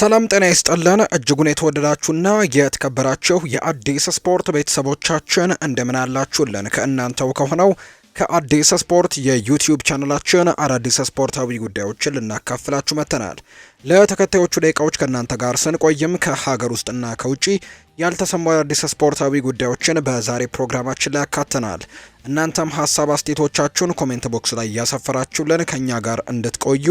ሰላም ጤና ይስጥልን እጅጉን የተወደዳችሁና የተከበራችሁ የአዲስ ስፖርት ቤተሰቦቻችን እንደምን አላችሁልን? ከእናንተው ከሆነው ከአዲስ ስፖርት የዩቲዩብ ቻናላችን አዳዲስ ስፖርታዊ ጉዳዮችን ልናካፍላችሁ መጥተናል። ለተከታዮቹ ደቂቃዎች ከእናንተ ጋር ስንቆይም ከሀገር ውስጥና ከውጪ ያልተሰሙ አዳዲስ ስፖርታዊ ጉዳዮችን በዛሬ ፕሮግራማችን ላይ ያካተናል። እናንተም ሀሳብ አስቴቶቻችሁን ኮሜንት ቦክስ ላይ እያሰፈራችሁልን ከእኛ ጋር እንድትቆዩ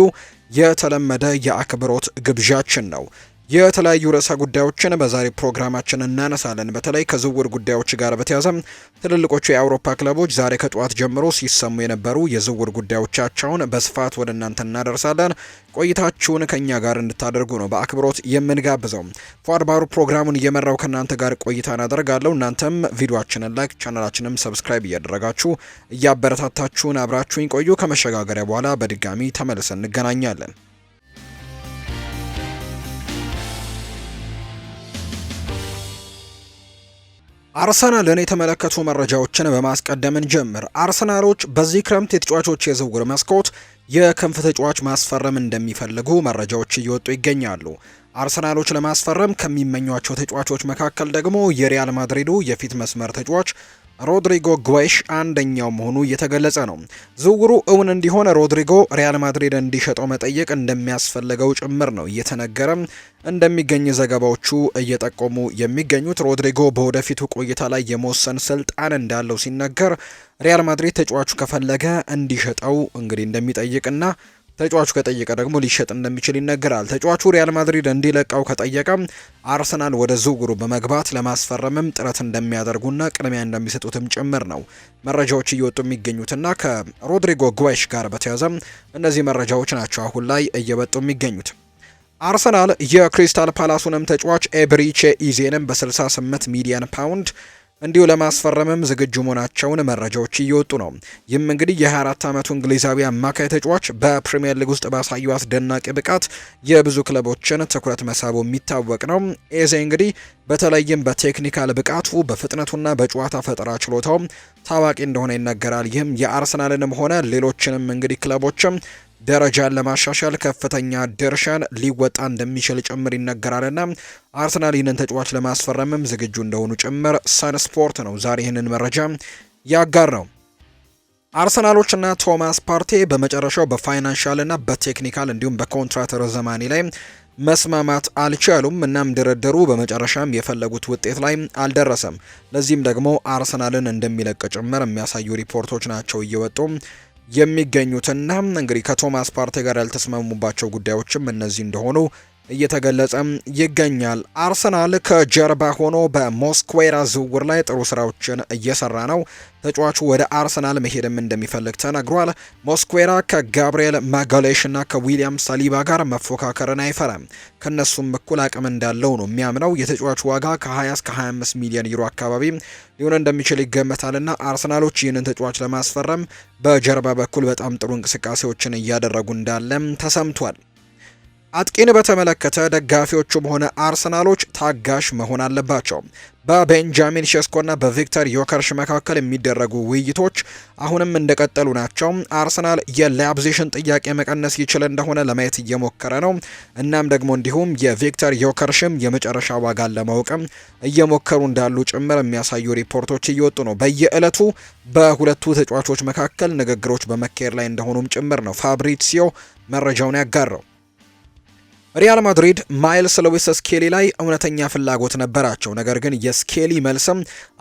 የተለመደ የአክብሮት ግብዣችን ነው። የተለያዩ ርዕሰ ጉዳዮችን በዛሬ ፕሮግራማችን እናነሳለን። በተለይ ከዝውውር ጉዳዮች ጋር በተያዘም ትልልቆቹ የአውሮፓ ክለቦች ዛሬ ከጠዋት ጀምሮ ሲሰሙ የነበሩ የዝውውር ጉዳዮቻቸውን በስፋት ወደ እናንተ እናደርሳለን። ቆይታችሁን ከእኛ ጋር እንድታደርጉ ነው በአክብሮት የምንጋብዘው። ፏድ ፕሮግራሙን እየመራው ከእናንተ ጋር ቆይታ እናደርጋለሁ። እናንተም ቪዲዮችንን ላይክ፣ ቻናላችንም ሰብስክራይብ እያደረጋችሁ እያበረታታችሁን አብራችሁኝ ቆዩ። ከመሸጋገሪያ በኋላ በድጋሚ ተመልሰን እንገናኛለን። አርሰናልን የተመለከቱ መረጃዎችን በማስቀደም ጀምር አርሰናሎች በዚህ ክረምት የተጫዋቾች የዝውውር መስኮት የክንፍ ተጫዋች ማስፈረም እንደሚፈልጉ መረጃዎች እየወጡ ይገኛሉ። አርሰናሎች ለማስፈረም ከሚመኟቸው ተጫዋቾች መካከል ደግሞ የሪያል ማድሪዱ የፊት መስመር ተጫዋች ሮድሪጎ ጓሽ አንደኛው መሆኑ እየተገለጸ ነው። ዝውውሩ እውን እንዲሆን ሮድሪጎ ሪያል ማድሪድ እንዲሸጠው መጠየቅ እንደሚያስፈልገው ጭምር ነው እየተነገረ እንደሚገኝ ዘገባዎቹ እየጠቆሙ የሚገኙት። ሮድሪጎ በወደፊቱ ቆይታ ላይ የመወሰን ስልጣን እንዳለው ሲነገር፣ ሪያል ማድሪድ ተጫዋቹ ከፈለገ እንዲሸጠው እንግዲህ እንደሚጠይቅና ተጫዋቹ ከጠየቀ ደግሞ ሊሸጥ እንደሚችል ይነገራል። ተጫዋቹ ሪያል ማድሪድ እንዲለቀው ከጠየቀ አርሰናል ወደ ዝውውሩ በመግባት ለማስፈረምም ጥረት እንደሚያደርጉና ቅድሚያ እንደሚሰጡትም ጭምር ነው መረጃዎች እየወጡ የሚገኙትና ከሮድሪጎ ጉዌሽ ጋር በተያያዘ እነዚህ መረጃዎች ናቸው አሁን ላይ እየወጡ የሚገኙት። አርሰናል የክሪስታል ፓላሱንም ተጫዋች ኤብሪቼ ኢዜንም በ68 ሚሊዮን ፓውንድ እንዲሁ ለማስፈረምም ዝግጁ መሆናቸውን መረጃዎች እየወጡ ነው። ይህም እንግዲህ የ24 ዓመቱ እንግሊዛዊ አማካይ ተጫዋች በፕሪምየር ሊግ ውስጥ ባሳየው አስደናቂ ብቃት የብዙ ክለቦችን ትኩረት መሳቡ የሚታወቅ ነው። ኤዜ እንግዲህ በተለይም በቴክኒካል ብቃቱ በፍጥነቱና በጨዋታ ፈጠራ ችሎታው ታዋቂ እንደሆነ ይነገራል። ይህም የአርሰናልንም ሆነ ሌሎችንም እንግዲህ ክለቦችም ደረጃን ለማሻሻል ከፍተኛ ድርሻን ሊወጣ እንደሚችል ጭምር ይነገራልና አርሰናል ይህንን ተጫዋች ለማስፈረምም ዝግጁ እንደሆኑ ጭምር ሰን ስፖርት ነው ዛሬ ይህንን መረጃ ያጋር ነው። አርሰናሎችና ቶማስ ፓርቴ በመጨረሻው በፋይናንሻልና በቴክኒካል እንዲሁም በኮንትራት ርዝማኔ ላይ መስማማት አልቻሉም። እናም ድርድሩ በመጨረሻም የፈለጉት ውጤት ላይ አልደረሰም። ለዚህም ደግሞ አርሰናልን እንደሚለቅ ጭምር የሚያሳዩ ሪፖርቶች ናቸው እየወጡ የሚገኙትና እንግዲህ ከቶማስ ፓርቴ ጋር ያልተስማሙባቸው ጉዳዮችም እነዚህ እንደሆኑ እየተገለጸም ይገኛል። አርሰናል ከጀርባ ሆኖ በሞስኩዌራ ዝውውር ላይ ጥሩ ስራዎችን እየሰራ ነው። ተጫዋቹ ወደ አርሰናል መሄድም እንደሚፈልግ ተነግሯል። ሞስኩዌራ ከጋብሪኤል ማጋሌሽ እና ከዊሊያም ሳሊባ ጋር መፎካከርን አይፈራም። ከነሱም እኩል አቅም እንዳለው ነው የሚያምነው። የተጫዋቹ ዋጋ ከ20 እስከ 25 ሚሊዮን ዩሮ አካባቢ ሊሆን እንደሚችል ይገመታልና አርሰናሎች ይህንን ተጫዋች ለማስፈረም በጀርባ በኩል በጣም ጥሩ እንቅስቃሴዎችን እያደረጉ እንዳለም ተሰምቷል። አጥቂን በተመለከተ ደጋፊዎቹም ሆነ አርሰናሎች ታጋሽ መሆን አለባቸው። በቤንጃሚን ሼስኮና በቪክተር ዮከርሽ መካከል የሚደረጉ ውይይቶች አሁንም እንደቀጠሉ ናቸው። አርሰናል የላያብዜሽን ጥያቄ መቀነስ ይችል እንደሆነ ለማየት እየሞከረ ነው። እናም ደግሞ እንዲሁም የቪክተር ዮከርሽም የመጨረሻ ዋጋን ለማወቅም እየሞከሩ እንዳሉ ጭምር የሚያሳዩ ሪፖርቶች እየወጡ ነው። በየዕለቱ በሁለቱ ተጫዋቾች መካከል ንግግሮች በመካሄድ ላይ እንደሆኑም ጭምር ነው ፋብሪሲዮ መረጃውን ያጋራው። ሪያል ማድሪድ ማይልስ ሎዊስ ስኬሊ ላይ እውነተኛ ፍላጎት ነበራቸው። ነገር ግን የስኬሊ መልስም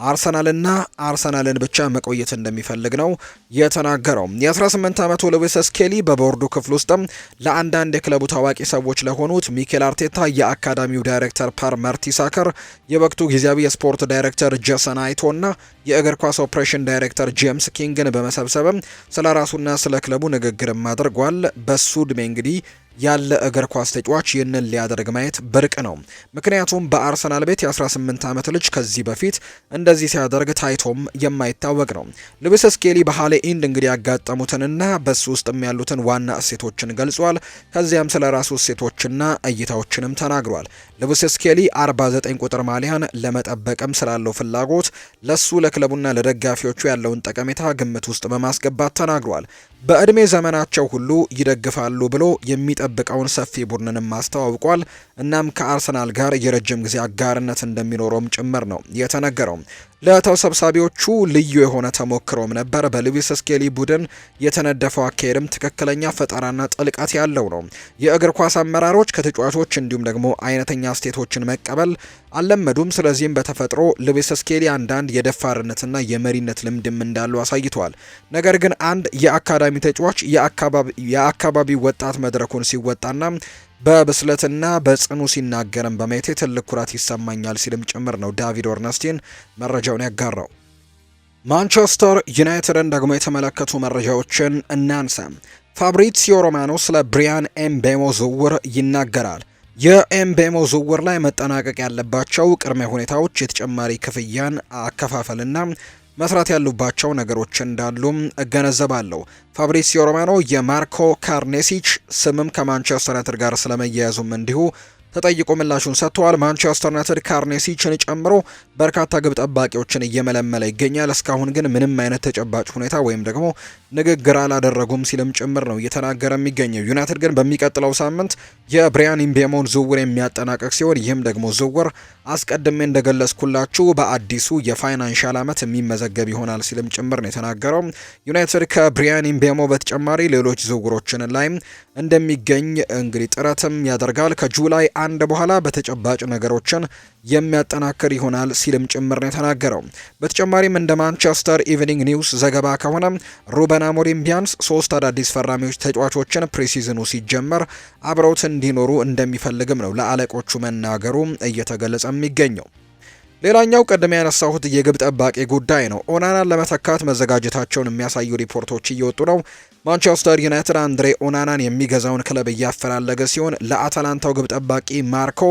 አርሰናልና አርሰናልን ብቻ መቆየት እንደሚፈልግ ነው የተናገረው። የ18 ዓመቱ ሉዊስ ስኬሊ በቦርዱ ክፍል ውስጥም ለአንዳንድ የክለቡ ታዋቂ ሰዎች ለሆኑት ሚኬል አርቴታ፣ የአካዳሚው ዳይሬክተር ፓር መርቲሳከር፣ የወቅቱ ጊዜያዊ የስፖርት ዳይሬክተር ጀሰን አይቶና የእግር ኳስ ኦፕሬሽን ዳይሬክተር ጄምስ ኪንግን በመሰብሰብም ስለ ራሱና ስለ ክለቡ ንግግርም አድርጓል። በሱ ዕድሜ እንግዲህ ያለ እግር ኳስ ተጫዋች ይህንን ሊያደርግ ማየት ብርቅ ነው። ምክንያቱም በአርሰናል ቤት የ18 ዓመት ልጅ ከዚህ በፊት እንደዚህ ሲያደርግ ታይቶም የማይታወቅ ነው። ልብስ ስኬሊ በሃሌ ኢንድ እንግዲህ ያጋጠሙትንና በሱ ውስጥም ያሉትን ዋና እሴቶችን ገልጿል። ከዚያም ስለ ራሱ እሴቶችና እይታዎችንም ተናግሯል። ልብስ ስኬሊ 49 ቁጥር ማሊያን ለመጠበቅም ስላለው ፍላጎት ለሱ ለክለቡና ለደጋፊዎቹ ያለውን ጠቀሜታ ግምት ውስጥ በማስገባት ተናግሯል። በዕድሜ ዘመናቸው ሁሉ ይደግፋሉ ብሎ የሚጠ የሚጠብቀውን ሰፊ ቡድንንም አስተዋውቋል። እናም ከአርሰናል ጋር የረጅም ጊዜ አጋርነት እንደሚኖረውም ጭምር ነው የተነገረው። ለተሰብሳቢዎቹ ልዩ የሆነ ተሞክሮም ነበር። በሉዊስ ስኬሊ ቡድን የተነደፈው አካሄድም ትክክለኛ ፈጠራና ጥልቀት ያለው ነው። የእግር ኳስ አመራሮች ከተጫዋቾች እንዲሁም ደግሞ አይነተኛ ስቴቶችን መቀበል አልለመዱም። ስለዚህም በተፈጥሮ ሉዊስ ስኬሊ አንዳንድ የደፋርነትና የመሪነት ልምድም እንዳሉ አሳይቷል። ነገር ግን አንድ የአካዳሚ ተጫዋች የአካባቢ ወጣት መድረኩን ሲወጣና በብስለትና በጽኑ ሲናገርም በማየቴ ትልቅ ኩራት ይሰማኛል ሲልም ጭምር ነው ዳቪድ ኦርነስቲን መረጃውን ያጋራው። ማንቸስተር ዩናይትድን ደግሞ የተመለከቱ መረጃዎችን እናንሳ። ፋብሪዚዮ ሮማኖ ስለ ብሪያን ኤምቤሞ ዝውውር ይናገራል። የኤምቤሞ ዝውውር ላይ መጠናቀቅ ያለባቸው ቅድመ ሁኔታዎች የተጨማሪ ክፍያን አከፋፈልና መስራት ያሉባቸው ነገሮች እንዳሉም እገነዘባለሁ። ፋብሪሲዮ ሮማኖ የማርኮ ካርኔሲች ስምም ከማንቸስተር ዩናይትድ ጋር ስለመያያዙም እንዲሁ ተጠይቆ ምላሹን ሰጥተዋል። ማንቸስተር ዩናይትድ ካርኔሲችን ጨምሮ በርካታ ግብ ጠባቂዎችን እየመለመለ ይገኛል። እስካሁን ግን ምንም አይነት ተጨባጭ ሁኔታ ወይም ደግሞ ንግግር አላደረጉም ሲልም ጭምር ነው እየተናገረ የሚገኘው። ዩናይትድ ግን በሚቀጥለው ሳምንት የብሪያን ኢምቤሞን ዝውውር የሚያጠናቀቅ ሲሆን ይህም ደግሞ ዝውውር አስቀድሜ እንደገለጽኩላችሁ በአዲሱ የፋይናንሻል ዓመት የሚመዘገብ ይሆናል ሲልም ጭምር ነው የተናገረው። ዩናይትድ ከብሪያን ኢምቤሞ በተጨማሪ ሌሎች ዝውውሮችን ላይም እንደሚገኝ እንግዲህ ጥረትም ያደርጋል ከጁላይ አንድ በኋላ በተጨባጭ ነገሮችን የሚያጠናክር ይሆናል ሲልም ጭምር ነው የተናገረው። በተጨማሪም እንደ ማንቸስተር ኢቭኒንግ ኒውስ ዘገባ ከሆነ ሩበን አሞሪም ቢያንስ ሶስት አዳዲስ ፈራሚዎች ተጫዋቾችን ፕሪሲዝኑ ሲጀመር አብረውት እንዲኖሩ እንደሚፈልግም ነው ለአለቆቹ መናገሩ እየተገለጸ የሚገኘው። ሌላኛው ቀደም ያነሳሁት የግብ ጠባቂ ጉዳይ ነው። ኦናናን ለመተካት መዘጋጀታቸውን የሚያሳዩ ሪፖርቶች እየወጡ ነው። ማንቸስተር ዩናይትድ አንድሬ ኦናናን የሚገዛውን ክለብ እያፈላለገ ሲሆን ለአታላንታው ግብ ጠባቂ ማርኮ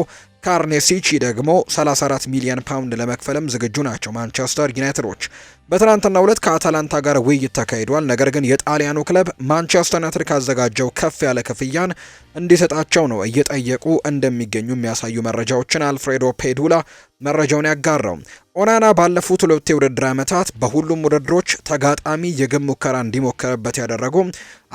ካርኔሲቺ ደግሞ 34 ሚሊዮን ፓውንድ ለመክፈልም ዝግጁ ናቸው ማንቸስተር ዩናይትዶች። በትናንትና ሁለት ከአታላንታ ጋር ውይይት ተካሂዷል። ነገር ግን የጣሊያኑ ክለብ ማንቸስተር ዩናይትድ ካዘጋጀው ከፍ ያለ ክፍያን እንዲሰጣቸው ነው እየጠየቁ እንደሚገኙ የሚያሳዩ መረጃዎችን አልፍሬዶ ፔዱላ መረጃውን ያጋራው። ኦናና ባለፉት ሁለት የውድድር ዓመታት በሁሉም ውድድሮች ተጋጣሚ የግብ ሙከራ እንዲሞከርበት ያደረጉ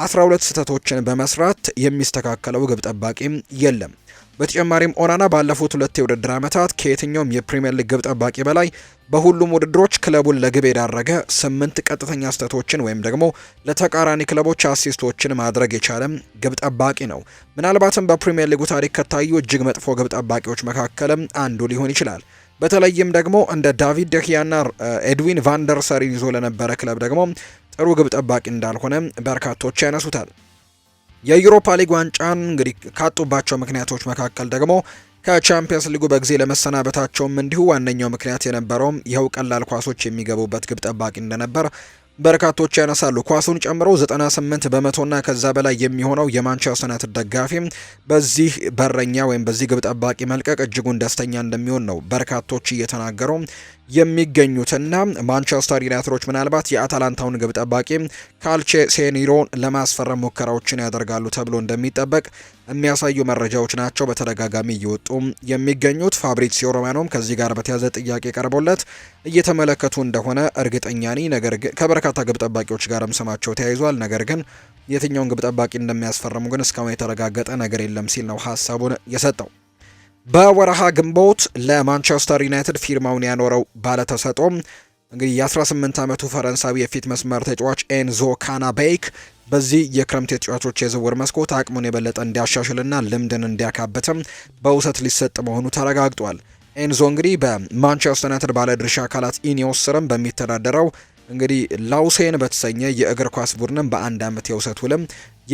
12 ስህተቶችን በመስራት የሚስተካከለው ግብ ጠባቂም የለም። በተጨማሪም ኦናና ባለፉት ሁለት የውድድር ዓመታት ከየትኛውም የፕሪምየር ሊግ ግብ ጠባቂ በላይ በሁሉም ውድድሮች ክለቡን ለግብ የዳረገ ስምንት ቀጥተኛ ስህተቶችን ወይም ደግሞ ለተቃራኒ ክለቦች አሲስቶችን ማድረግ የቻለም ግብ ጠባቂ ነው። ምናልባትም በፕሪምየር ሊጉ ታሪክ ከታዩ እጅግ መጥፎ ግብ ጠባቂዎች መካከልም አንዱ ሊሆን ይችላል። በተለይም ደግሞ እንደ ዳቪድ ደኪያና ኤድዊን ቫንደርሰሪን ይዞ ለነበረ ክለብ ደግሞ ጥሩ ግብ ጠባቂ እንዳልሆነ በርካቶች ያነሱታል። የዩሮፓ ሊግ ዋንጫን እንግዲህ ካጡባቸው ምክንያቶች መካከል ደግሞ ከቻምፒየንስ ሊጉ በጊዜ ለመሰናበታቸውም እንዲሁ ዋነኛው ምክንያት የነበረውም ይኸው ቀላል ኳሶች የሚገቡበት ግብ ጠባቂ እንደነበር በርካቶች ያነሳሉ። ኳሱን ጨምሮ 98 በመቶና ከዛ በላይ የሚሆነው የማንቸስተር ዩናይትድ ደጋፊም በዚህ በረኛ ወይም በዚህ ግብ ጠባቂ መልቀቅ እጅጉን ደስተኛ እንደሚሆን ነው በርካቶች እየተናገሩ የሚገኙትና ማንቸስተር ዩናይትዶች ምናልባት የአታላንታውን ግብ ጠባቂ ካልቼ ሴኒሮን ለማስፈረም ሙከራዎችን ያደርጋሉ ተብሎ እንደሚጠበቅ የሚያሳዩ መረጃዎች ናቸው በተደጋጋሚ እየወጡ የሚገኙት። ፋብሪሲዮ ሮማኖም ከዚህ ጋር በተያዘ ጥያቄ ቀርቦለት እየተመለከቱ እንደሆነ እርግጠኛ ነኝ። ነገር ግን ከበርካታ ግብ ጠባቂዎች ጋርም ስማቸው ተያይዟል። ነገር ግን የትኛውን ግብ ጠባቂ እንደሚያስፈርሙ ግን እስካሁን የተረጋገጠ ነገር የለም ሲል ነው ሀሳቡን የሰጠው። በወረሃ ግንቦት ለማንቸስተር ዩናይትድ ፊርማውን ያኖረው ባለተሰጦም እንግዲህ የ18 ዓመቱ ፈረንሳዊ የፊት መስመር ተጫዋች ኤንዞ ካናቤይክ በዚህ የክረምት የተጫዋቾች የዝውውር መስኮት አቅሙን የበለጠ እንዲያሻሽልና ልምድን እንዲያካብትም በውሰት ሊሰጥ መሆኑ ተረጋግጧል። ኤንዞ እንግዲህ በማንቸስተር ዩናይትድ ባለድርሻ አካላት ኢኒዮስ ስርም በሚተዳደረው እንግዲህ ላውሴን በተሰኘ የእግር ኳስ ቡድንም በአንድ ዓመት የውሰት ውልም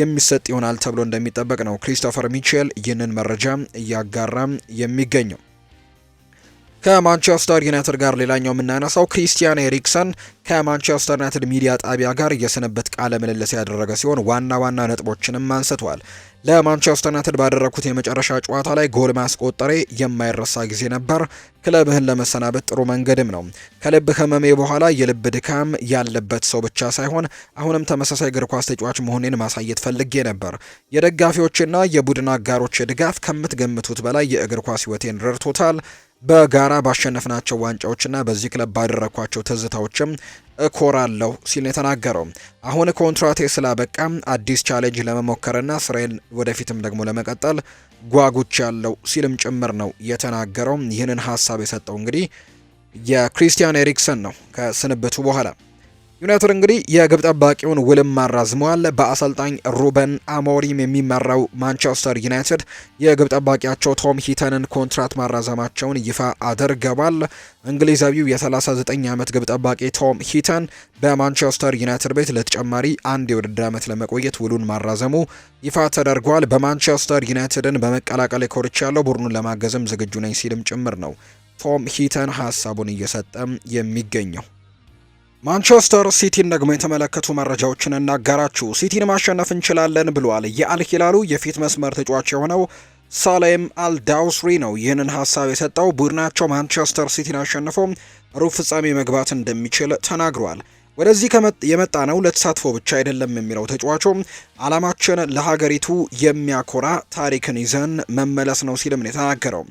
የሚሰጥ ይሆናል ተብሎ እንደሚጠበቅ ነው ክሪስቶፈር ሚቼል ይህንን መረጃ እያጋራም የሚገኘው። ከማንቸስተር ዩናይትድ ጋር ሌላኛው የምናነሳው ክሪስቲያን ኤሪክሰን ከማንቸስተር ዩናይትድ ሚዲያ ጣቢያ ጋር የስንብት ቃለ ምልልስ ያደረገ ሲሆን ዋና ዋና ነጥቦችንም አንስቷል። ለማንቸስተር ዩናይትድ ባደረግኩት የመጨረሻ ጨዋታ ላይ ጎል ማስቆጠሬ የማይረሳ ጊዜ ነበር። ክለብህን ለመሰናበት ጥሩ መንገድም ነው። ከልብ ህመሜ በኋላ የልብ ድካም ያለበት ሰው ብቻ ሳይሆን አሁንም ተመሳሳይ እግር ኳስ ተጫዋች መሆኔን ማሳየት ፈልጌ ነበር። የደጋፊዎችና የቡድን አጋሮች ድጋፍ ከምትገምቱት በላይ የእግር ኳስ ህይወቴን ረድቶታል። በጋራ ባሸነፍናቸው ዋንጫዎችና በዚህ ክለብ ባደረግኳቸው ትዝታዎችም እኮራለሁ ሲል የተናገረው አሁን ኮንትራቴ ስላበቃ አዲስ ቻሌንጅ ለመሞከርና ስራዬን ወደፊትም ደግሞ ለመቀጠል ጓጉች ያለው ሲልም ጭምር ነው የተናገረው። ይህንን ሀሳብ የሰጠው እንግዲህ የክሪስቲያን ኤሪክሰን ነው ከስንብቱ በኋላ ዩናይትድ እንግዲህ የግብ ጠባቂውን ውልም ማራዝመዋል። በአሰልጣኝ ሩበን አሞሪም የሚመራው ማንቸስተር ዩናይትድ የግብ ጠባቂያቸው ቶም ሂተንን ኮንትራት ማራዘማቸውን ይፋ አድርገዋል። እንግሊዛዊው የ39 ዓመት ግብ ጠባቂ ቶም ሂተን በማንቸስተር ዩናይትድ ቤት ለተጨማሪ አንድ የውድድር ዓመት ለመቆየት ውሉን ማራዘሙ ይፋ ተደርጓል። በማንቸስተር ዩናይትድን በመቀላቀል ኮርቻ ያለው ቡድኑን ለማገዝም ዝግጁ ነኝ ሲልም ጭምር ነው ቶም ሂተን ሀሳቡን እየሰጠም የሚገኘው። ማንቸስተር ሲቲን ደግሞ የተመለከቱ መረጃዎችን እናጋራችሁ። ሲቲን ማሸነፍ እንችላለን ብሏል። የአልሂላሉ የፊት መስመር ተጫዋች የሆነው ሳሌም አልዳውስሪ ነው ይህንን ሀሳብ የሰጠው። ቡድናቸው ማንቸስተር ሲቲን አሸንፎ ሩብ ፍጻሜ መግባት እንደሚችል ተናግሯል። ወደዚህ የመጣ ነው ለተሳትፎ ብቻ አይደለም የሚለው ተጫዋቹ አላማችን ለሀገሪቱ የሚያኮራ ታሪክን ይዘን መመለስ ነው ሲልም ነው የተናገረው።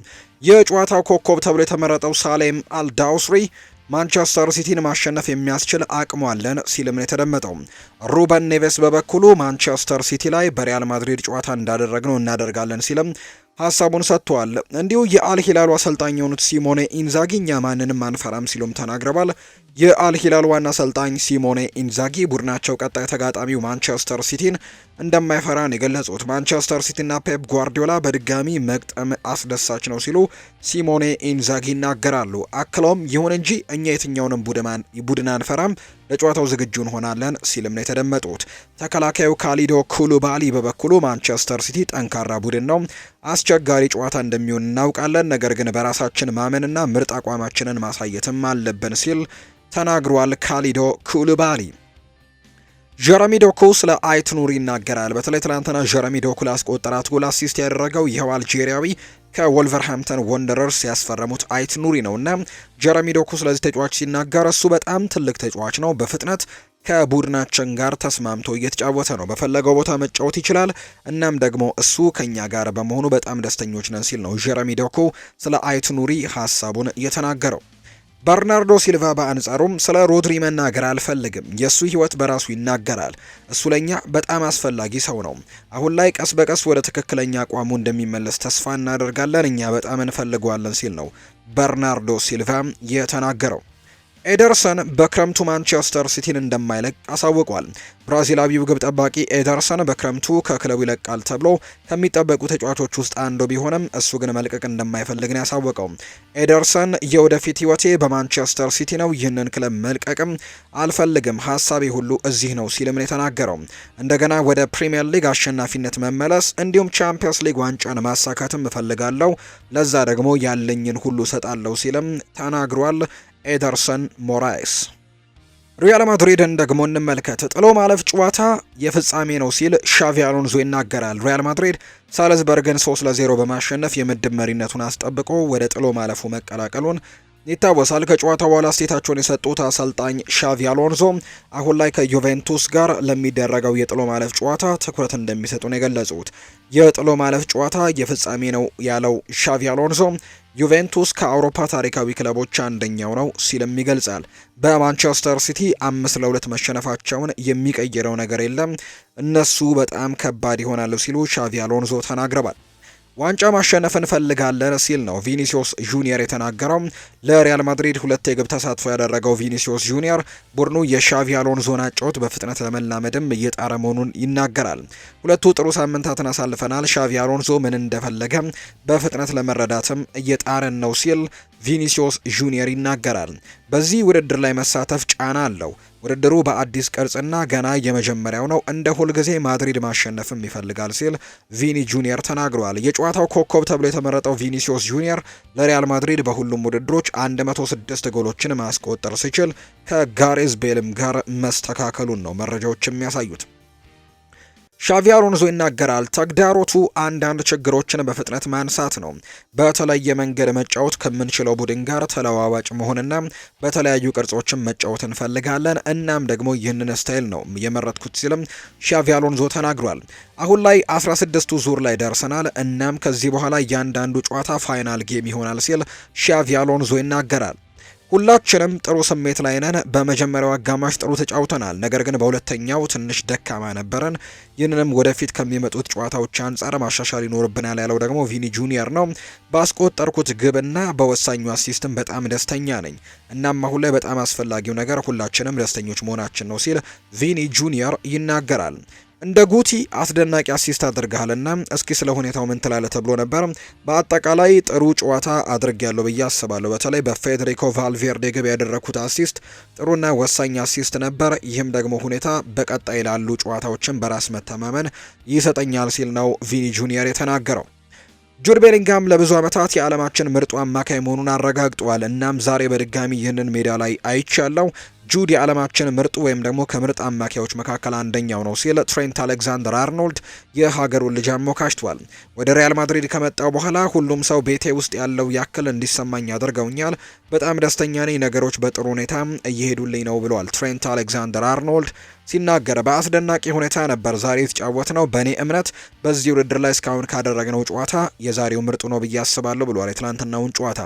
የጨዋታው ኮከብ ተብሎ የተመረጠው ሳሌም አልዳውስሪ ማንቸስተር ሲቲን ማሸነፍ የሚያስችል አቅሙ አለን ሲልም ነው የተደመጠው። ሩበን ኔቬስ በበኩሉ ማንቸስተር ሲቲ ላይ በሪያል ማድሪድ ጨዋታ እንዳደረግነው እናደርጋለን ሲልም ሀሳቡን ሰጥተዋል። እንዲሁ የአልሂላሉ አሰልጣኝ የሆኑት ሲሞኔ ኢንዛጊ እኛ ማንንም አንፈራም ሲሉም ተናግረዋል። የአልሂላል ዋና አሰልጣኝ ሲሞኔ ኢንዛጊ ቡድናቸው ቀጣይ ተጋጣሚው ማንቸስተር ሲቲን እንደማይፈራ የገለጹት። ማንቸስተር ሲቲና ፔፕ ጓርዲዮላ በድጋሚ መግጠም አስደሳች ነው ሲሉ ሲሞኔ ኢንዛጊ ይናገራሉ። አክለውም ይሁን እንጂ እኛ የትኛውንም ቡድን አንፈራም ለጨዋታው ዝግጁ እንሆናለን ሲልም ነው የተደመጡት። ተከላካዩ ካሊዶ ኩሉባሊ በበኩሉ ማንቸስተር ሲቲ ጠንካራ ቡድን ነው፣ አስቸጋሪ ጨዋታ እንደሚሆን እናውቃለን፣ ነገር ግን በራሳችን ማመንና ምርጥ አቋማችንን ማሳየትም አለብን ሲል ተናግሯል። ካሊዶ ኩሉባሊ ጀረሚ ዶኩ ስለ አይት ኑሪ ይናገራል። በተለይ ትናንትና ጀረሚ ዶኩ ላስቆጠራት ጎል አሲስት ያደረገው ይኸው አልጄሪያዊ ከወልቨርሃምተን ወንደረርስ ያስፈረሙት አይት ኑሪ ነው እና ጀረሚ ዶኩ ስለዚህ ተጫዋች ሲናገር እሱ በጣም ትልቅ ተጫዋች ነው። በፍጥነት ከቡድናችን ጋር ተስማምቶ እየተጫወተ ነው። በፈለገው ቦታ መጫወት ይችላል። እናም ደግሞ እሱ ከኛ ጋር በመሆኑ በጣም ደስተኞች ነን ሲል ነው ጀረሚ ዶኩ ስለ አይት ኑሪ ሀሳቡን የተናገረው። በርናርዶ ሲልቫ በአንጻሩም ስለ ሮድሪ መናገር አልፈልግም። የእሱ ህይወት በራሱ ይናገራል። እሱ ለኛ በጣም አስፈላጊ ሰው ነው። አሁን ላይ ቀስ በቀስ ወደ ትክክለኛ አቋሙ እንደሚመለስ ተስፋ እናደርጋለን። እኛ በጣም እንፈልገዋለን ሲል ነው በርናርዶ ሲልቫ የተናገረው። ኤደርሰን በክረምቱ ማንቸስተር ሲቲን እንደማይለቅ አሳውቋል። ብራዚላዊው ግብ ጠባቂ ኤደርሰን በክረምቱ ከክለቡ ይለቃል ተብሎ ከሚጠበቁ ተጫዋቾች ውስጥ አንዱ ቢሆንም እሱ ግን መልቀቅ እንደማይፈልግ ነው ያሳወቀው። ኤደርሰን የወደፊት ሕይወቴ በማንቸስተር ሲቲ ነው፣ ይህንን ክለብ መልቀቅም አልፈልግም፣ ሀሳቤ ሁሉ እዚህ ነው ሲልም ነው የተናገረው። እንደገና ወደ ፕሪምየር ሊግ አሸናፊነት መመለስ እንዲሁም ቻምፒየንስ ሊግ ዋንጫን ማሳካትም እፈልጋለሁ፣ ለዛ ደግሞ ያለኝን ሁሉ ሰጣለሁ ሲልም ተናግሯል። ኤደርሰን ሞራይስ። ሪያል ማድሪድን ደግሞ እንመልከት። ጥሎ ማለፍ ጨዋታ የፍጻሜ ነው ሲል ሻቪ አሎንዞ ይናገራል። ሪያል ማድሪድ ሳልዝበርግን 3 ለ0 በማሸነፍ የምድብ መሪነቱን አስጠብቆ ወደ ጥሎ ማለፉ መቀላቀሉን ይታወሳል። ከጨዋታ በኋላ ስቴታቸውን የሰጡት አሰልጣኝ ሻቪ አሎንዞ አሁን ላይ ከዩቬንቱስ ጋር ለሚደረገው የጥሎ ማለፍ ጨዋታ ትኩረት እንደሚሰጡ ነው የገለጹት። የጥሎ ማለፍ ጨዋታ የፍጻሜ ነው ያለው ሻቪ አሎንዞ ዩቬንቱስ ከአውሮፓ ታሪካዊ ክለቦች አንደኛው ነው ሲልም ይገልጻል። በማንቸስተር ሲቲ አምስት ለሁለት መሸነፋቸውን የሚቀይረው ነገር የለም፣ እነሱ በጣም ከባድ ይሆናሉ ሲሉ ሻቪ አሎንዞ ተናግረዋል። ዋንጫ ማሸነፍ እንፈልጋለን ሲል ነው ቪኒሲዮስ ጁኒየር የተናገረው። ለሪያል ማድሪድ ሁለት የግብ ተሳትፎ ያደረገው ቪኒሲዮስ ጁኒየር ቡድኑ የሻቪ አሎንሶን አጨዋወት በፍጥነት ለመላመድም እየጣረ መሆኑን ይናገራል። ሁለቱ ጥሩ ሳምንታትን አሳልፈናል። ሻቪ አሎንሶ ምን እንደፈለገ በፍጥነት ለመረዳትም እየጣረን ነው ሲል ቪኒሲዮስ ጁኒየር ይናገራል። በዚህ ውድድር ላይ መሳተፍ ጫና አለው። ውድድሩ በአዲስ ቅርጽና ገና የመጀመሪያው ነው። እንደ ሁልጊዜ ማድሪድ ማሸነፍም ይፈልጋል ሲል ቪኒ ጁኒየር ተናግሯል። የጨዋታው ኮከብ ተብሎ የተመረጠው ቪኒሲዮስ ጁኒየር ለሪያል ማድሪድ በሁሉም ውድድሮች 106 ጎሎችን ማስቆጠር ሲችል ከጋሬዝ ቤልም ጋር መስተካከሉን ነው መረጃዎች የሚያሳዩት። ሻቪ አሎንሶ ይናገራል። ተግዳሮቱ አንዳንድ ችግሮችን በፍጥነት ማንሳት ነው። በተለየ መንገድ መጫወት ከምንችለው ቡድን ጋር ተለዋዋጭ መሆንና በተለያዩ ቅርጾችን መጫወት እንፈልጋለን። እናም ደግሞ ይህንን ስታይል ነው የመረጥኩት ሲልም ሻቪ አሎንሶ ተናግሯል። አሁን ላይ 16ቱ ዙር ላይ ደርሰናል። እናም ከዚህ በኋላ እያንዳንዱ ጨዋታ ፋይናል ጌም ይሆናል ሲል ሻቪ አሎንዞ ይናገራል። ሁላችንም ጥሩ ስሜት ላይ ነን። በመጀመሪያው አጋማሽ ጥሩ ተጫውተናል፣ ነገር ግን በሁለተኛው ትንሽ ደካማ ነበረን። ይህንንም ወደፊት ከሚመጡት ጨዋታዎች አንጻር ማሻሻል ይኖርብናል ያለው ደግሞ ቪኒ ጁኒየር ነው። ባስቆጠርኩት ግብና በወሳኙ አሲስትም በጣም ደስተኛ ነኝ። እናም አሁን ላይ በጣም አስፈላጊው ነገር ሁላችንም ደስተኞች መሆናችን ነው ሲል ቪኒ ጁኒየር ይናገራል። እንደ ጉቲ አስደናቂ አሲስት አድርገሃልና እስኪ ስለ ሁኔታው ምን ትላለህ ተብሎ ነበር። በአጠቃላይ ጥሩ ጨዋታ አድርጌያለሁ ብዬ አስባለሁ። በተለይ በፌዴሪኮ ቫልቬርዴ ግብ ያደረግኩት አሲስት ጥሩና ወሳኝ አሲስት ነበር። ይህም ደግሞ ሁኔታ በቀጣይ ላሉ ጨዋታዎችን በራስ መተማመን ይሰጠኛል ሲል ነው ቪኒ ጁኒየር የተናገረው። ጁድ ቤሊንግሃም ለብዙ ዓመታት የዓለማችን ምርጡ አማካይ መሆኑን አረጋግጧል። እናም ዛሬ በድጋሚ ይህንን ሜዳ ላይ አይቻለው። ጁድ የዓለማችን ምርጡ ወይም ደግሞ ከምርጥ አማካዮች መካከል አንደኛው ነው ሲል ትሬንት አሌክዛንደር አርኖልድ የሀገሩን ልጅ አሞካሽቷል። ወደ ሪያል ማድሪድ ከመጣው በኋላ ሁሉም ሰው ቤቴ ውስጥ ያለው ያክል እንዲሰማኝ አድርገውኛል። በጣም ደስተኛ ነኝ። ነገሮች በጥሩ ሁኔታ እየሄዱልኝ ነው ብሏል ትሬንት አሌክዛንደር አርኖልድ ሲናገር በአስደናቂ ሁኔታ ነበር ዛሬ የተጫወት ነው። በእኔ እምነት በዚህ ውድድር ላይ እስካሁን ካደረግነው ጨዋታ የዛሬው ምርጡ ነው ብዬ አስባለሁ ብሏል። የትላንትናውን ጨዋታ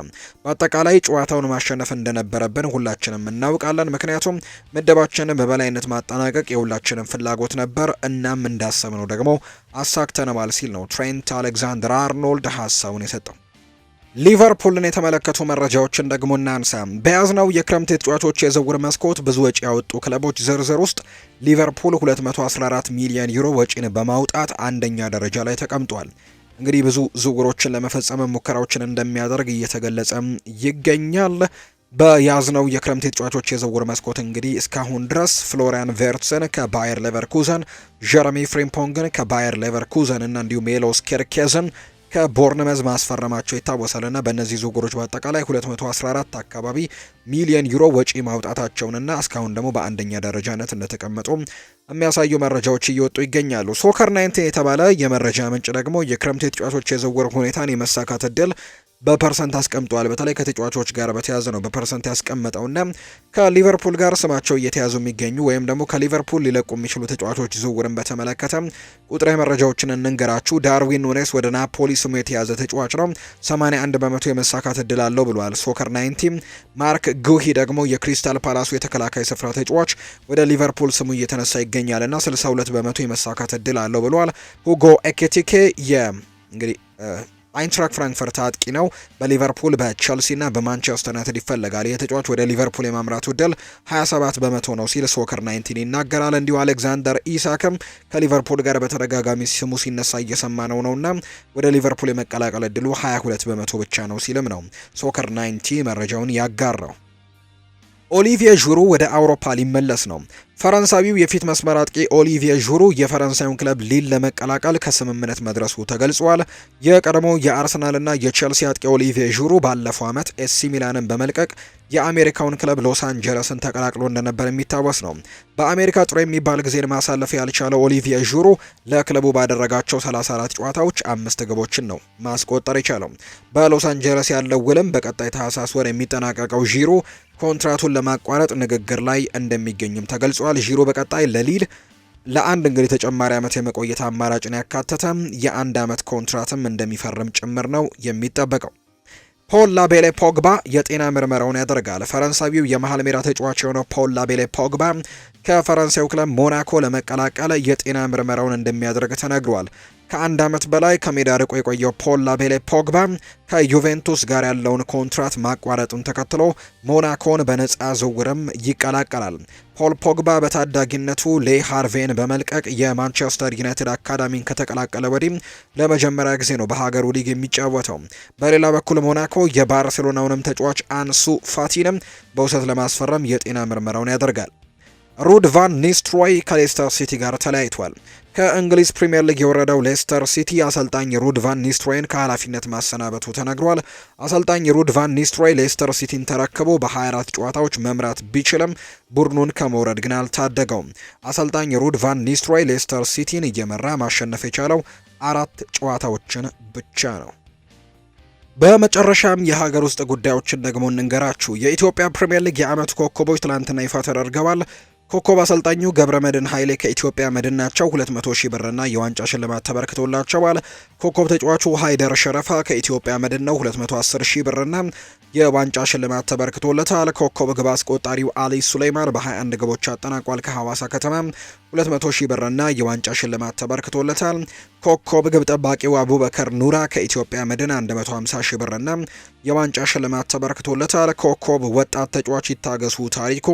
በአጠቃላይ ጨዋታውን ማሸነፍ እንደነበረብን ሁላችንም እናውቃለን። ምክንያቱም ምደባችንን በበላይነት ማጠናቀቅ የሁላችንም ፍላጎት ነበር። እናም እንዳሰብነው ደግሞ አሳክተነዋል ሲል ነው ትሬንት አሌክዛንደር አርኖልድ ሀሳቡን የሰጠው። ሊቨርፑልን የተመለከቱ መረጃዎችን ደግሞ እናንሳ። በያዝነው የክረምት የተጫዋቾች የዝውውር መስኮት ብዙ ወጪ ያወጡ ክለቦች ዝርዝር ውስጥ ሊቨርፑል 214 ሚሊዮን ዩሮ ወጪን በማውጣት አንደኛ ደረጃ ላይ ተቀምጧል። እንግዲህ ብዙ ዝውውሮችን ለመፈጸም ሙከራዎችን እንደሚያደርግ እየተገለጸ ይገኛል። በያዝነው የክረምት የተጫዋቾች የዝውውር መስኮት እንግዲህ እስካሁን ድረስ ፍሎሪያን ቬርትስን ከባየር ሌቨርኩዘን፣ ጀረሚ ፍሪምፖንግን ከባየር ሌቨርኩዘን እና እንዲሁም ሜሎስ ኬርኬዝን ከቦርንመዝ ማስፈረማቸው ይታወሳልና በእነዚህ ዝውውሮች በአጠቃላይ 214 አካባቢ ሚሊዮን ዩሮ ወጪ ማውጣታቸውንና እስካሁን ደግሞ በአንደኛ ደረጃነት እንደተቀመጡ የሚያሳዩ መረጃዎች እየወጡ ይገኛሉ። ሶከር ናይንቲን የተባለ የመረጃ ምንጭ ደግሞ የክረምት የተጫዋቾች የዝውውር ሁኔታን የመሳካት እድል በፐርሰንት አስቀምጧል። በተለይ ከተጫዋቾች ጋር በተያዘ ነው በፐርሰንት ያስቀመጠውና ከሊቨርፑል ጋር ስማቸው እየተያዙ የሚገኙ ወይም ደግሞ ከሊቨርፑል ሊለቁ የሚችሉ ተጫዋቾች ዝውውርን በተመለከተ ቁጥራዊ መረጃዎችን እንንገራችሁ። ዳርዊን ኑኔስ ወደ ናፖሊ ስሙ የተያዘ ተጫዋች ነው። 81 በመቶ የመሳካት እድል አለው ብሏል ሶከር ናይንቲ። ማርክ ጉሂ ደግሞ የክሪስታል ፓላሱ የተከላካይ ስፍራ ተጫዋች ወደ ሊቨርፑል ስሙ እየተነሳ ይገኛልና 62 በመቶ የመሳካት እድል አለው ብሏል ሁጎ ኤኬቲኬ የ እንግዲህ አይንትራክ ፍራንክፈርት አጥቂ ነው። በሊቨርፑል በቸልሲና በማንቸስተር ዩናይትድ ይፈለጋል። የተጫዋች ወደ ሊቨርፑል የማምራት ውድል 27 በመቶ ነው ሲል ሶከር 19 ይናገራል። እንዲሁ አሌክዛንደር ኢሳክም ከሊቨርፑል ጋር በተደጋጋሚ ስሙ ሲነሳ እየሰማ ነው ነውና ወደ ሊቨርፑል የመቀላቀል እድሉ 22 በመቶ ብቻ ነው ሲልም ነው ሶከር 19 መረጃውን ያጋራው። ኦሊቪየ ዡሩ ወደ አውሮፓ ሊመለስ ነው። ፈረንሳዊው የፊት መስመር አጥቂ ኦሊቪየ ዡሩ የፈረንሳዩን ክለብ ሊል ለመቀላቀል ከስምምነት መድረሱ ተገልጿል። የቀድሞ የአርሰናልና የቼልሲ አጥቂ ኦሊቪየ ዡሩ ባለፈው ዓመት ኤሲ ሚላንን በመልቀቅ የአሜሪካውን ክለብ ሎስ አንጀለስን ተቀላቅሎ እንደነበር የሚታወስ ነው። በአሜሪካ ጥሩ የሚባል ጊዜን ማሳለፍ ያልቻለው ኦሊቪየ ዡሩ ለክለቡ ባደረጋቸው 34 ጨዋታዎች አምስት ግቦችን ነው ማስቆጠር የቻለው። በሎስ አንጀለስ ያለው ውልም በቀጣይ ታህሳስ ወር የሚጠናቀቀው ዢሩ ኮንትራቱን ለማቋረጥ ንግግር ላይ እንደሚገኝም ተገልጿል። ይኖራል። ዢሮ በቀጣይ ለሊል ለአንድ እንግዲህ ተጨማሪ ዓመት የመቆየት አማራጭን ያካተተም የአንድ ዓመት ኮንትራትም እንደሚፈርም ጭምር ነው የሚጠበቀው። ፖል ላቤሌ ፖግባ የጤና ምርመራውን ያደርጋል። ፈረንሳዊው የመሀል ሜዳ ተጫዋች የሆነው ፖል ላቤሌ ፖግባ ከፈረንሳዩ ክለብ ሞናኮ ለመቀላቀል የጤና ምርመራውን እንደሚያደርግ ተነግሯል። ከአንድ ዓመት በላይ ከሜዳ ርቆ የቆየው ፖል ላቤሌ ፖግባ ከዩቬንቱስ ጋር ያለውን ኮንትራት ማቋረጡን ተከትሎ ሞናኮን በነፃ ዝውውርም ይቀላቀላል። ፖል ፖግባ በታዳጊነቱ ሌ ሃርቬን በመልቀቅ የማንቸስተር ዩናይትድ አካዳሚን ከተቀላቀለ ወዲህ ለመጀመሪያ ጊዜ ነው በሀገሩ ሊግ የሚጫወተው። በሌላ በኩል ሞናኮ የባርሴሎናውንም ተጫዋች አንሱ ፋቲንም በውሰት ለማስፈረም የጤና ምርመራውን ያደርጋል። ሩድ ቫን ኒስትሮይ ከሌስተር ሲቲ ጋር ተለያይቷል። ከእንግሊዝ ፕሪምየር ሊግ የወረደው ሌስተር ሲቲ አሰልጣኝ ሩድ ቫን ኒስትሮይን ከኃላፊነት ማሰናበቱ ተነግሯል። አሰልጣኝ ሩድ ቫን ኒስትሮይ ሌስተር ሲቲን ተረክቦ በ24 ጨዋታዎች መምራት ቢችልም ቡድኑን ከመውረድ ግን አልታደገውም። አሰልጣኝ ሩድ ቫን ኒስትሮይ ሌስተር ሲቲን እየመራ ማሸነፍ የቻለው አራት ጨዋታዎችን ብቻ ነው። በመጨረሻም የሀገር ውስጥ ጉዳዮችን ደግሞ እንንገራችሁ። የኢትዮጵያ ፕሪምየር ሊግ የአመቱ ኮከቦች ትላንትና ይፋ ተደርገዋል። ኮከብ አሰልጣኙ ገብረ መድን ኃይሌ ከኢትዮጵያ መድን ናቸው 200 ሺህ ብርና የዋንጫ ሽልማት ተበርክቶላቸዋል። ኮከብ ተጫዋቹ ሃይደር ሸረፋ ከኢትዮጵያ መድን ነው 210 ሺህ ብርና የዋንጫ ሽልማት ተበርክቶለታል። ኮከብ ግብ አስቆጣሪው አሊ ሱሌይማን በ21 ግቦች አጠናቋል። ከሐዋሳ ከተማ 200 ብርና የዋንጫ ሽልማት ተበርክቶለታል። ኮከብ ግብ ጠባቂው አቡበከር ኑራ ከኢትዮጵያ መድን 150,000 ብርና የዋንጫ ሽልማት ተበርክቶለታል። ኮከብ ወጣት ተጫዋች ይታገሱ ታሪኩ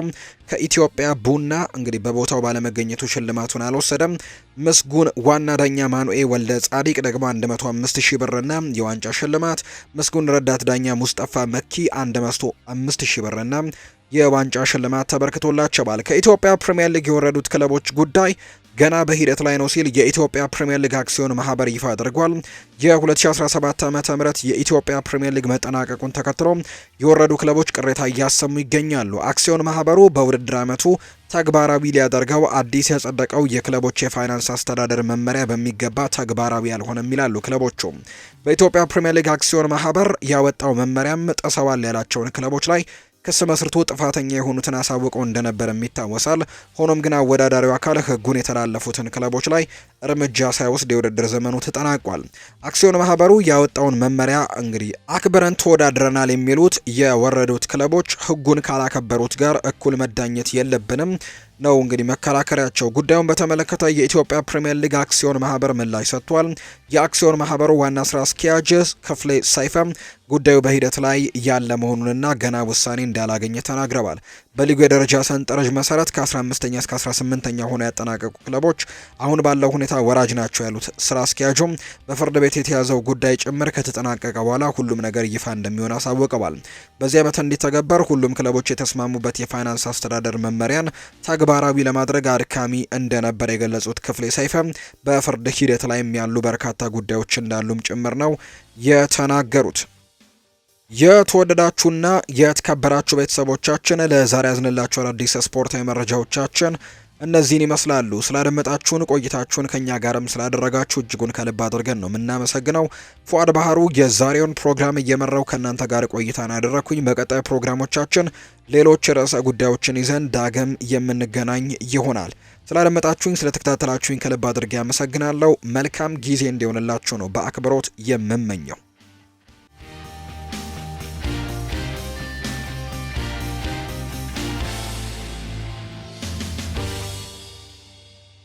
ከኢትዮጵያ ቡና እንግዲህ በቦታው ባለመገኘቱ ሽልማቱን አልወሰደም። ምስጉን ዋና ዳኛ ማኑኤ ወልደ ጻዲቅ ደግሞ 105 ብርና የዋንጫ ሽልማት፣ ምስጉን ረዳት ዳኛ ሙስጠፋ መኪ 105 ብርና የዋንጫ ሽልማት ተበርክቶላቸዋል። ከኢትዮጵያ ፕሪምየር ሊግ የወረዱት ክለቦች ጉዳይ ገና በሂደት ላይ ነው ሲል የኢትዮጵያ ፕሪምየር ሊግ አክሲዮን ማህበር ይፋ አድርጓል። የ2017 ዓ ም የኢትዮጵያ ፕሪምየር ሊግ መጠናቀቁን ተከትሎ የወረዱ ክለቦች ቅሬታ እያሰሙ ይገኛሉ። አክሲዮን ማህበሩ በውድድር ዓመቱ ተግባራዊ ሊያደርገው አዲስ ያጸደቀው የክለቦች የፋይናንስ አስተዳደር መመሪያ በሚገባ ተግባራዊ አልሆነም ይላሉ ክለቦቹ። በኢትዮጵያ ፕሪምየር ሊግ አክሲዮን ማህበር ያወጣው መመሪያም ጥሰዋል ያላቸውን ክለቦች ላይ ክስ መስርቶ ጥፋተኛ የሆኑትን አሳውቀው እንደነበር ይታወሳል። ሆኖም ግን አወዳዳሪው አካል ህጉን የተላለፉትን ክለቦች ላይ እርምጃ ሳይወስድ የውድድር ዘመኑ ተጠናቋል። አክሲዮን ማህበሩ ያወጣውን መመሪያ እንግዲህ አክብረን ተወዳድረናል የሚሉት የወረዱት ክለቦች ህጉን ካላከበሩት ጋር እኩል መዳኘት የለብንም ነው እንግዲህ መከራከሪያቸው። ጉዳዩን በተመለከተ የኢትዮጵያ ፕሪምየር ሊግ አክሲዮን ማህበር ምላሽ ሰጥቷል። የአክሲዮን ማህበሩ ዋና ስራ አስኪያጅ ክፍሌ ሰይፈ ጉዳዩ በሂደት ላይ ያለ መሆኑንና ገና ውሳኔ እንዳላገኘ ተናግረዋል። በሊጉ የደረጃ ሰንጠረዥ መሰረት ከ15ኛ እስከ 18ኛ ሆነ ያጠናቀቁ ክለቦች አሁን ባለው ሁኔታ ወራጅ ናቸው ያሉት ስራ አስኪያጁም በፍርድ ቤት የተያዘው ጉዳይ ጭምር ከተጠናቀቀ በኋላ ሁሉም ነገር ይፋ እንደሚሆን አሳውቀዋል። በዚህ ዓመት እንዲተገበር ሁሉም ክለቦች የተስማሙበት የፋይናንስ አስተዳደር መመሪያን ተግባ ተግባራዊ ለማድረግ አድካሚ እንደነበር የገለጹት ክፍሌ ሰይፈ በፍርድ ሂደት ላይም ያሉ በርካታ ጉዳዮች እንዳሉም ጭምር ነው የተናገሩት። የተወደዳችሁና የተከበራችሁ ቤተሰቦቻችን ለዛሬ ያዝንላችሁ አዳዲስ ስፖርታዊ መረጃዎቻችን እነዚህን ይመስላሉ። ስላደመጣችሁን ቆይታችሁን ከኛ ጋርም ስላደረጋችሁ እጅጉን ከልብ አድርገን ነው የምናመሰግነው። ፏድ ባህሩ የዛሬውን ፕሮግራም እየመራው ከእናንተ ጋር ቆይታን አደረግኩኝ። በቀጣይ ፕሮግራሞቻችን ሌሎች ርዕሰ ጉዳዮችን ይዘን ዳግም የምንገናኝ ይሆናል። ስላደመጣችሁኝ፣ ስለተከታተላችሁኝ ከልብ አድርጌ አመሰግናለሁ። መልካም ጊዜ እንዲሆንላችሁ ነው በአክብሮት የምመኘው።